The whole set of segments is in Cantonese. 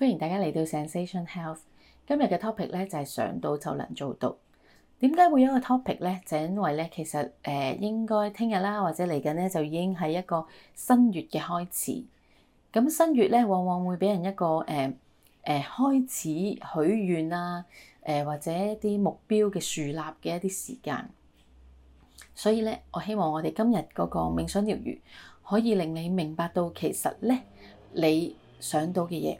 歡迎大家嚟到 Zensation Health。今日嘅 topic 咧就係想到就能做到。點解會有一個 topic 咧？就是、因為咧，其實誒、呃、應該聽日啦，或者嚟緊咧就已經係一個新月嘅開始。咁新月咧，往往會俾人一個誒誒、呃呃、開始許願啊，誒、呃、或者一啲目標嘅樹立嘅一啲時間。所以咧，我希望我哋今日嗰個冥想療癒可以令你明白到其實咧，你想到嘅嘢。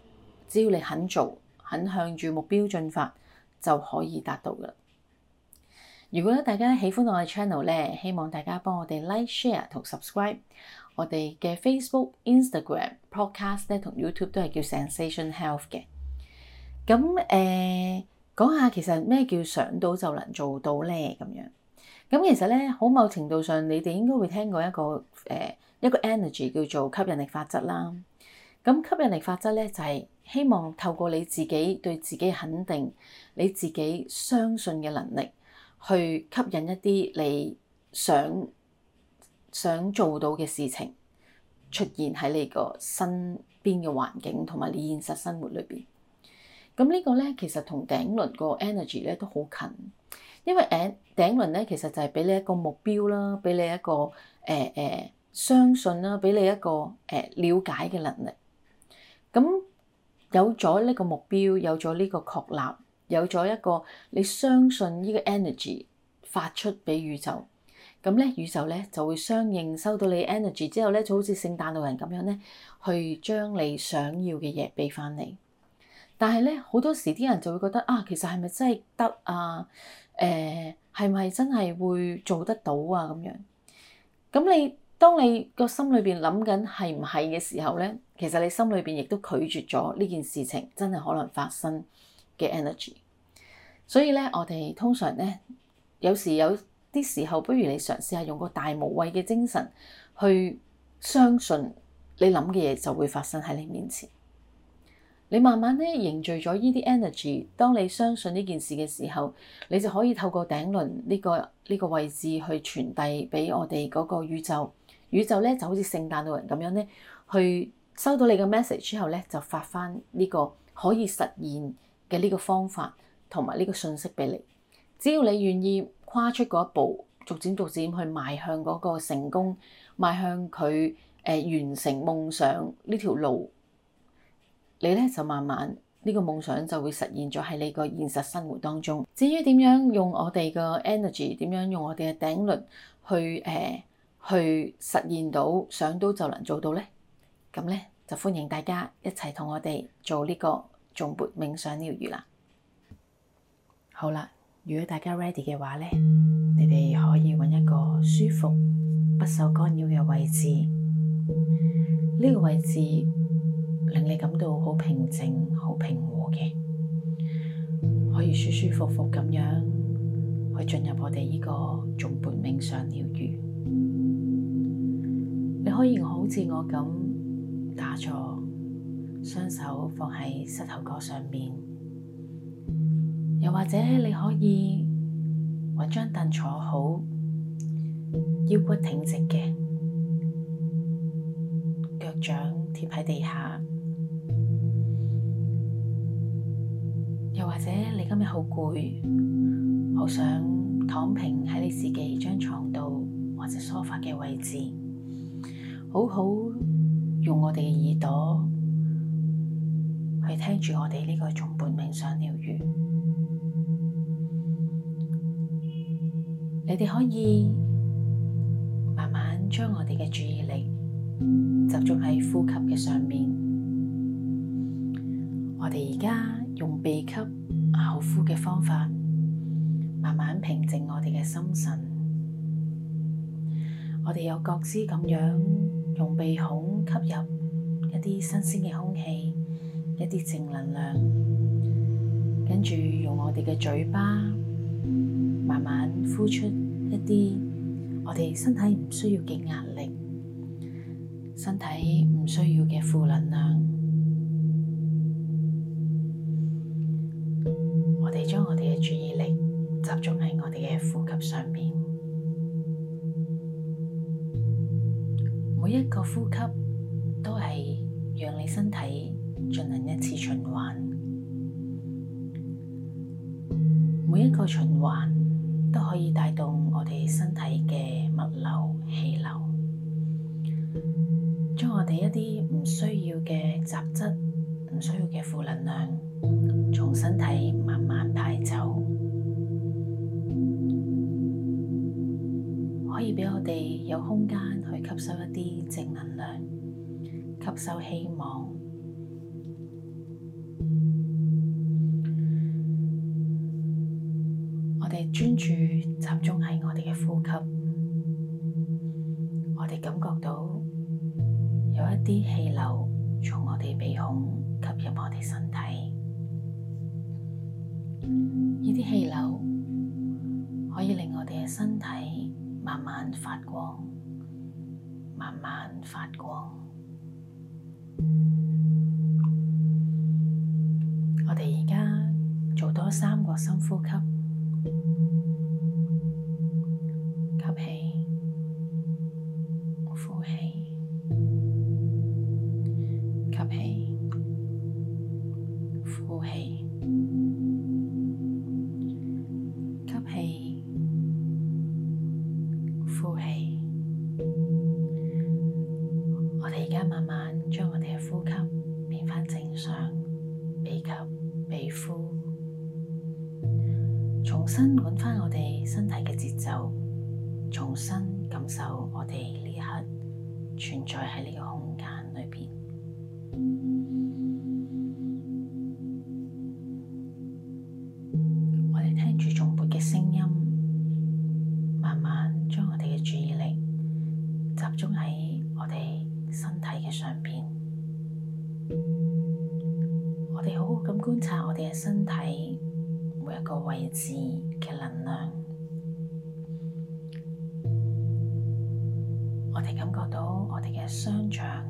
只要你肯做，肯向住目標進發，就可以達到㗎喇。如果大家喜歡我嘅 channel 咧，希望大家幫我哋 like、share 同 subscribe。我哋嘅 Facebook、Instagram、Podcast 咧同 YouTube 都係叫 Sensation Health 嘅。咁誒講下其實咩叫想到就能做到咧？咁樣咁其實咧，好某程度上你哋應該會聽過一個誒、呃、一個 energy 叫做吸引力法則啦。咁吸引力法則咧就係、是。希望透過你自己對自己肯定，你自己相信嘅能力，去吸引一啲你想想做到嘅事情出現喺你個身邊嘅環境同埋你現實生活裏邊。咁呢個咧其實同頂輪個 energy 咧都好近，因為頂頂輪咧其實就係俾你一個目標啦，俾你一個誒誒、欸欸、相信啦，俾你一個誒、欸、瞭解嘅能力。咁有咗呢個目標，有咗呢個確立，有咗一個你相信呢個 energy 發出俾宇宙，咁咧宇宙咧就會相應收到你 energy 之後咧，就好似聖誕老人咁樣咧，去將你想要嘅嘢俾翻你。但係咧好多時啲人就會覺得啊，其實係咪真係得啊？誒、啊，係咪真係會做得到啊？咁樣咁你當你個心裏邊諗緊係唔係嘅時候咧，其實你心裏邊亦都拒絕咗呢件事情真係可能發生嘅 energy，所以咧，我哋通常咧，有時有啲時候，不如你嘗試下用個大無畏嘅精神去相信你諗嘅嘢就會發生喺你面前。你慢慢咧凝聚咗呢啲 energy，當你相信呢件事嘅時候，你就可以透過頂輪呢個呢個位置去傳遞俾我哋嗰個宇宙，宇宙咧就好似聖誕老人咁樣咧去。收到你嘅 message 之後咧，就發翻呢個可以實現嘅呢個方法同埋呢個信息俾你。只要你願意跨出嗰一步，逐漸逐漸去邁向嗰個成功，邁向佢誒、呃、完成夢想呢條路，你咧就慢慢呢、呢個夢想就會實現咗喺你個現實生活當中。至於點樣用我哋嘅 energy，點樣用我哋嘅頂輪去誒、呃、去實現到想到就能做到咧？咁咧，就歡迎大家一齊同我哋做呢個頌缽冥想療癒啦。好啦，如果大家 ready 嘅話咧， 你哋可以揾一個舒服、不受干擾嘅位置，呢個位置令你感到好平靜、好平和嘅，可以舒舒服服咁樣去進入我哋呢個頌缽冥想療癒。你可以好似我咁。打坐，雙手放喺膝頭角上面，又或者你可以揾張凳坐好，腰骨挺直嘅，腳掌貼喺地下。又或者你今日好攰，好想躺平喺你自己張床度或者梳化嘅位置，好好。用我哋嘅耳朵去聽住我哋呢個頌缽冥想療癒，你哋可以慢慢將我哋嘅注意力集中喺呼吸嘅上面。我哋而家用鼻吸口呼嘅方法，慢慢平靜我哋嘅心神。我哋有覺知咁樣。用鼻孔吸入一啲新鮮嘅空氣，一啲正能量，跟住用我哋嘅嘴巴慢慢呼出一啲我哋身體唔需要嘅壓力，身體唔需要嘅負能量。我哋將我哋嘅注意力集中喺我哋嘅呼吸上面。每一個呼吸都係讓你身體進行一次循環，每一個循環都可以帶動我哋身體嘅物流氣流，將我哋一啲唔需要嘅雜質、唔需要嘅負能量，從身體慢慢排走，可以畀我哋有空間。吸收一啲正能量，吸收希望。 我哋專注集中喺我哋嘅呼吸，我哋感覺到有一啲氣流從我哋鼻孔吸入我哋身體。呢啲氣流可以令我哋嘅身體慢慢發光。慢慢發光。我哋而家做多三個深呼吸。仲喺我哋身體嘅上面，我哋好好咁觀察我哋嘅身體每一個位置嘅能量，我哋感覺到我哋嘅雙掌、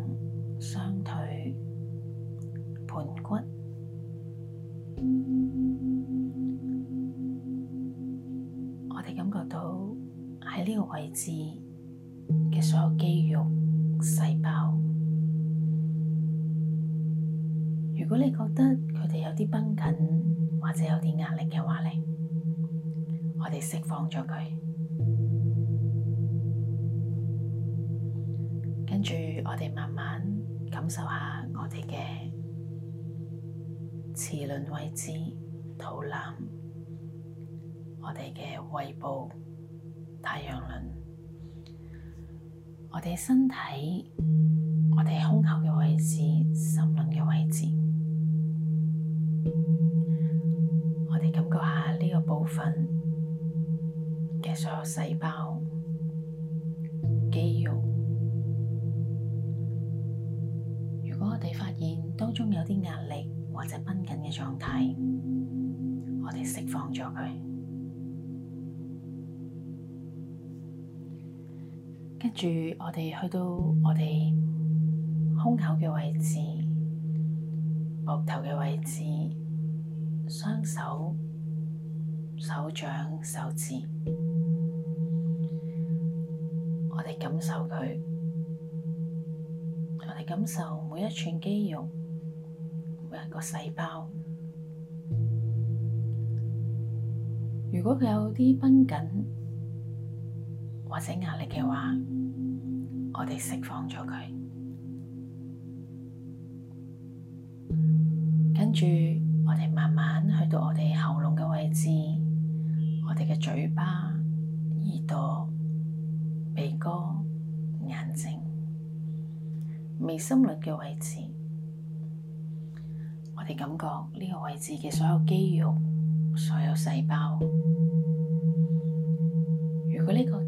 雙腿、盤骨，我哋感覺到喺呢個位置。所有肌肉細胞，如果你覺得佢哋有啲繃緊或者有啲壓力嘅話咧，你我哋釋放咗佢，跟住我哋慢慢感受下我哋嘅臍輪位置、肚腩、我哋嘅胃部、太陽輪。我哋身體，我哋胸口嘅位置、心輪嘅位置，我哋感覺下呢個部分嘅所有細胞、肌肉。如果我哋發現當中有啲壓力或者繃緊嘅狀態，我哋釋放咗佢。跟住我哋去到我哋胸口嘅位置、膊頭嘅位置、雙手、手掌、手指，我哋感受佢，我哋感受每一寸肌肉、每一個細胞。如果佢有啲繃緊，或者壓力嘅話，我哋釋放咗佢，跟住我哋慢慢去到我哋喉嚨嘅位置，我哋嘅嘴巴、耳朵、鼻哥、眼睛、眉心輪嘅位置，我哋感覺呢個位置嘅所有肌肉、所有細胞，如果呢個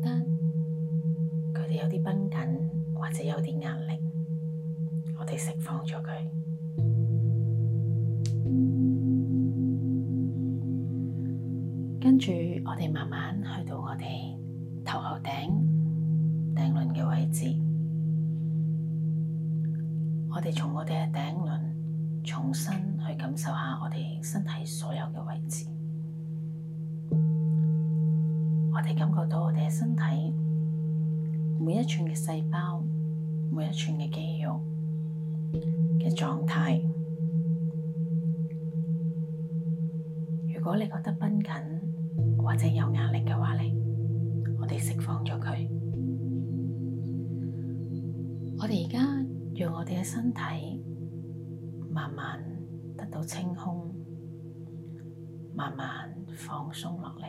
或者有啲壓力，我哋釋放咗佢，跟住我哋慢慢去到我哋頭後頂頂輪嘅位置，我哋從我哋嘅頂輪重新去感受下我哋身體所有嘅位置，我哋感覺到我哋嘅身體每一寸嘅細胞。每一寸嘅肌肉嘅狀態。如果你覺得繃緊或者有壓力嘅話咧，我哋釋放咗佢。我哋而家讓我哋嘅身體慢慢得到清空，慢慢放鬆落嚟，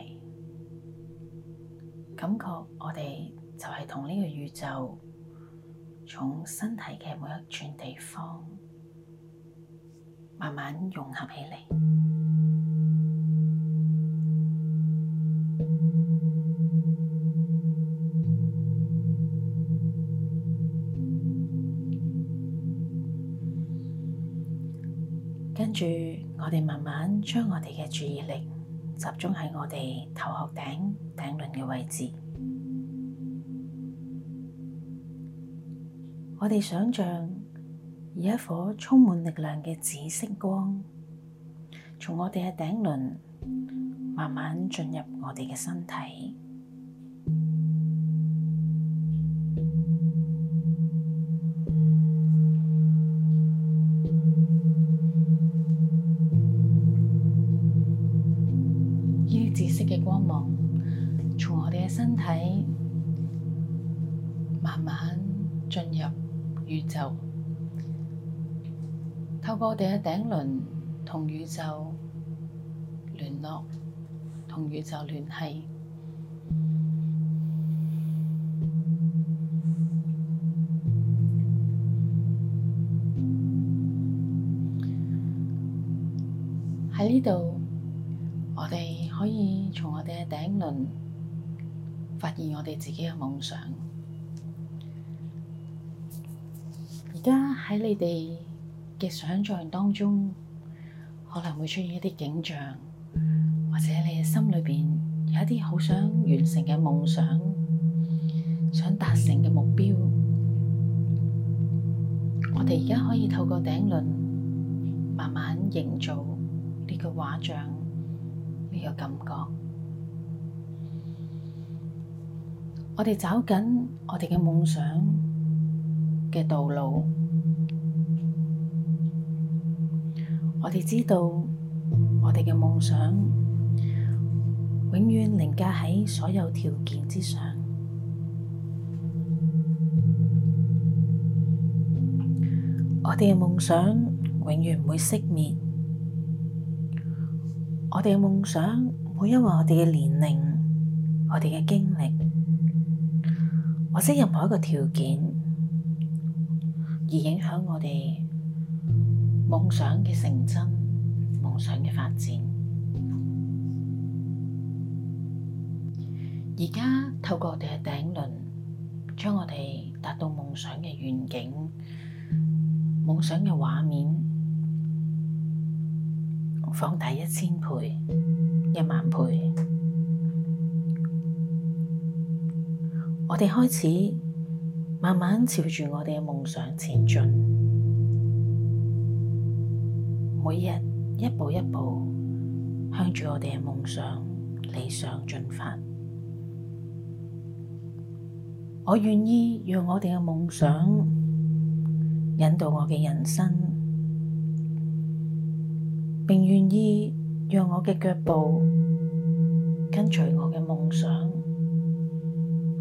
感覺我哋就係同呢個宇宙。從身體嘅每一寸地方慢慢融合起嚟，跟住我哋慢慢將我哋嘅注意力集中喺我哋頭殼頂頂輪嘅位置。我哋想象以一顆充滿力量嘅紫色光，從我哋嘅頂輪慢慢進入我哋嘅身體。我哋嘅頂輪同宇宙聯絡，同宇宙聯繫。喺呢度，我哋可以從我哋嘅頂輪發現我哋自己嘅夢想。而家喺你哋嘅想象當中，可能會出現一啲景象，或者你嘅心裏邊有一啲好想完成嘅夢想，想達成嘅目標。我哋而家可以透過頂輪，慢慢營造呢個畫像，呢個感覺。我哋找緊我哋嘅夢想嘅道路。我哋知道，我哋嘅夢想永遠凌駕喺所有條件之上。我哋嘅夢想永遠唔會熄滅。我哋嘅夢想唔會因為我哋嘅年齡、我哋嘅經歷或者任何一個條件而影響我哋。夢想嘅成真，夢想嘅發展。而家透過我哋嘅頂輪，將我哋達到夢想嘅願景、夢想嘅畫面放大一千倍、一萬倍。我哋開始慢慢朝住我哋嘅夢想前進。每日一步一步向住我哋嘅夢想、理想進發，我願意讓我哋嘅夢想引導我嘅人生，並願意讓我嘅腳步跟隨我嘅夢想，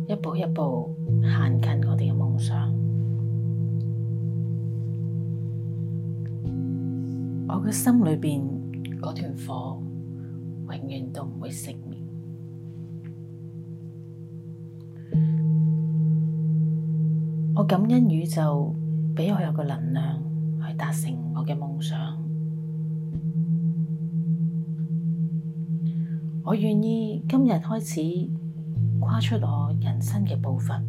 一步一步行近我哋嘅夢想。我嘅心裏邊嗰團火永遠都唔會熄滅。我感恩宇宙畀我有嘅能量去達成我嘅夢想。我願意今日開始跨出我人生嘅步伐，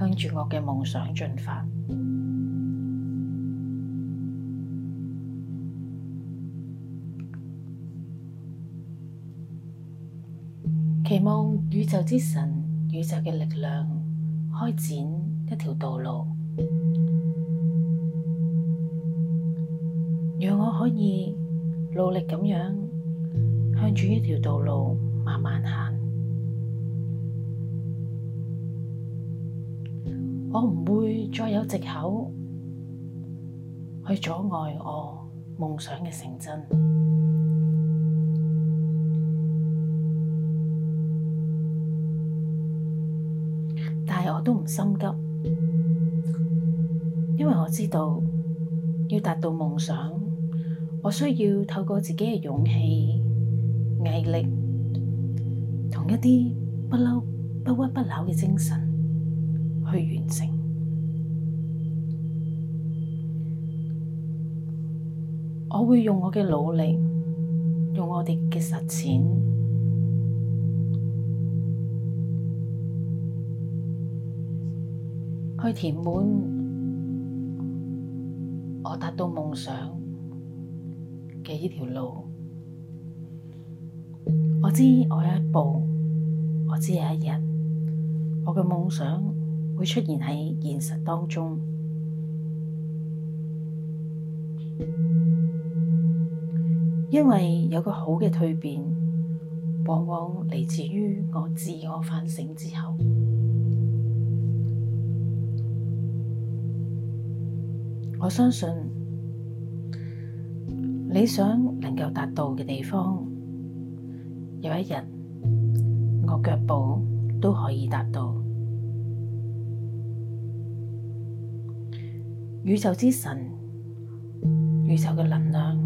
向住我嘅夢想進發。期望宇宙之神、宇宙嘅力量，開展一條道路，讓我可以努力咁樣向住呢條道路慢慢行。我唔會再有借口去阻礙我夢想嘅成真。我都唔心急，因為我知道要達到夢想，我需要透過自己嘅勇氣、毅力，同一啲不嬲、不屈不撓嘅精神去完成。我會用我嘅努力，用我哋嘅實踐。去填滿我達到夢想嘅呢條路，我知我有一步，我知有一日，我嘅夢想會出現喺現實當中。因為有個好嘅蛻變，往往嚟自於我自我反省之後。我相信理想能夠達到嘅地方，有一日我腳步都可以達到。宇宙之神、宇宙嘅能量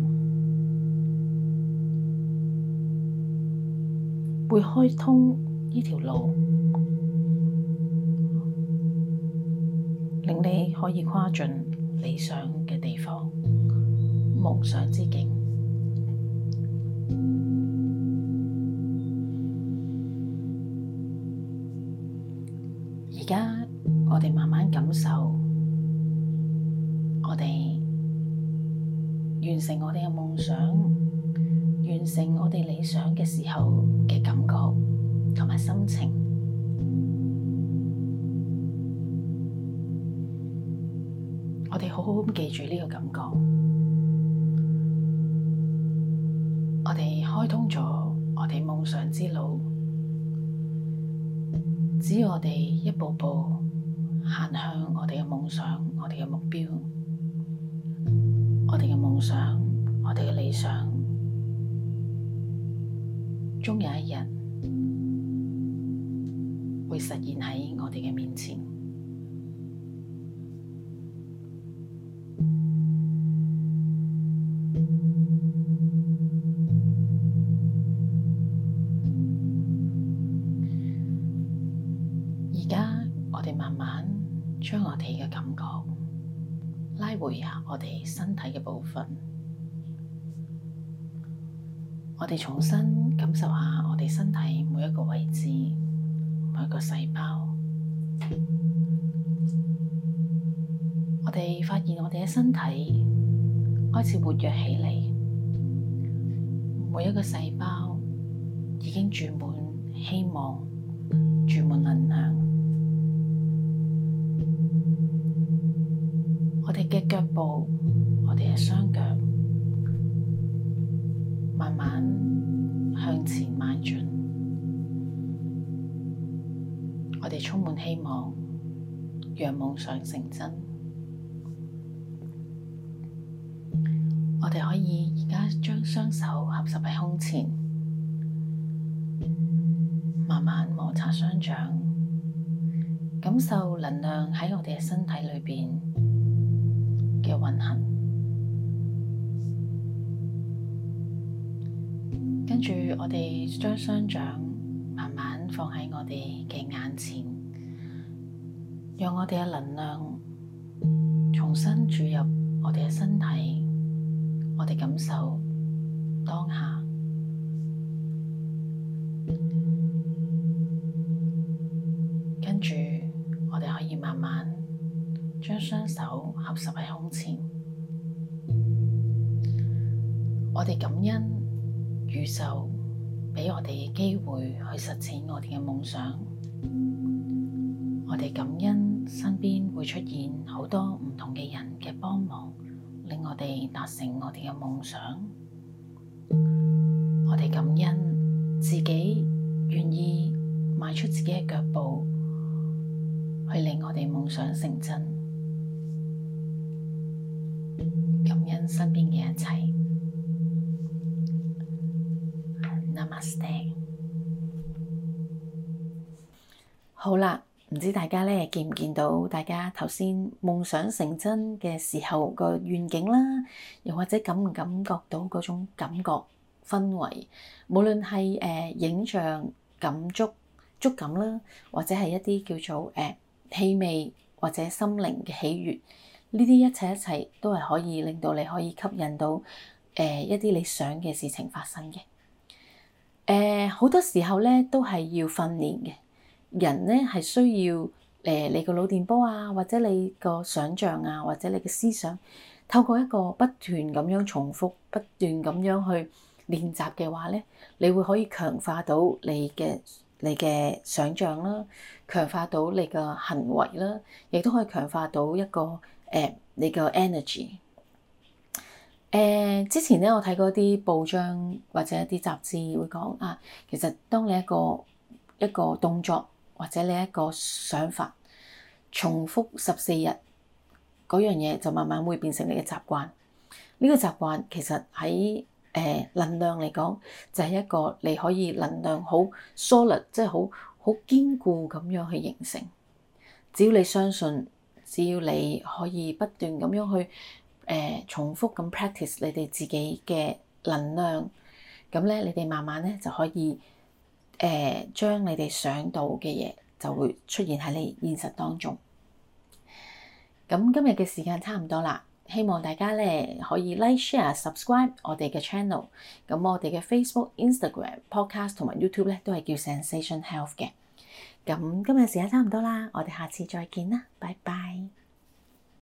會開通呢條路，令你可以跨進。理想嘅地方，夢想之境。而家我哋慢慢感受，我哋完成我哋嘅夢想，完成我哋理想嘅時候嘅感覺，同埋心情。我哋好好咁記住呢個感覺，我哋開通咗我哋夢想之路，只要我哋一步步行向我哋嘅夢想，我哋嘅目標，我哋嘅夢想，我哋嘅理想，終有一日會實現喺我哋嘅面前。而家我哋慢慢將我哋嘅感覺拉回下我哋身體嘅部分，我哋重新感受下我哋身體每一個位置、每一個細胞。我哋發現我哋嘅身體開始活躍起嚟，每一個細胞已經注滿希望，注滿能量。我哋嘅腳步，我哋嘅雙腳，慢慢向前邁進。我哋充滿希望，讓夢想成真。我哋可以而家將雙手合十喺胸前，慢慢摩擦雙掌，感受能量喺我哋嘅身體裏邊運行，跟住，我哋將雙掌慢慢放喺我哋嘅眼前，讓我哋嘅能量重新注入我哋嘅身體，我哋感受當下，跟住，我哋可以慢慢。將雙手合十喺胸前，我哋感恩宇宙畀我哋嘅機會去實踐我哋嘅夢想。我哋感恩身邊會出現好多唔同嘅人嘅幫忙，令我哋達成我哋嘅夢想。我哋感恩自己願意邁出自己嘅腳步，去令我哋夢想成真。感恩身邊嘅一切。Namaste。好啦，唔知大家咧見唔見到大家頭先夢想成真嘅時候個願景啦，又或者感唔感覺到嗰種感覺氛圍？無論係誒，影像、感觸、觸感啦，或者係一啲叫做誒，氣味或者心靈嘅喜悅。呢啲一切一切都係可以令到你可以吸引到誒、呃、一啲你想嘅事情發生嘅。誒、呃、好多時候咧都係要訓練嘅人咧，係需要誒、呃、你個腦電波啊，或者你個想象啊，或者你嘅思想透過一個不斷咁樣重複、不斷咁樣去練習嘅話咧，你會可以強化到你嘅你嘅想象啦、啊，強化到你嘅行為啦、啊，亦都可以強化到一個。誒、呃、你個 energy，誒、呃、之前咧我睇過啲報章或者一啲雜誌會講啊，其實當你一個一個動作或者你一個想法重複十四日嗰樣嘢，就慢慢會變成你嘅習慣。呢、這個習慣其實喺誒、呃、能量嚟講，就係、是、一個你可以能量好 solid，即係好好堅固咁樣去形成。只要你相信。只要你可以不斷咁樣去誒、呃、重複咁 practice 你哋自己嘅能量，咁咧你哋慢慢咧就可以誒、呃、將你哋想到嘅嘢就會出現喺你現實當中。咁今日嘅時間差唔多啦，希望大家咧可以 like、share、subscribe 我哋嘅 channel。咁我哋嘅 Facebook、Instagram、Podcast 同埋 YouTube 咧都係叫 Zensation Health 嘅。咁今日時間差唔多啦，我哋下次再見啦，拜拜。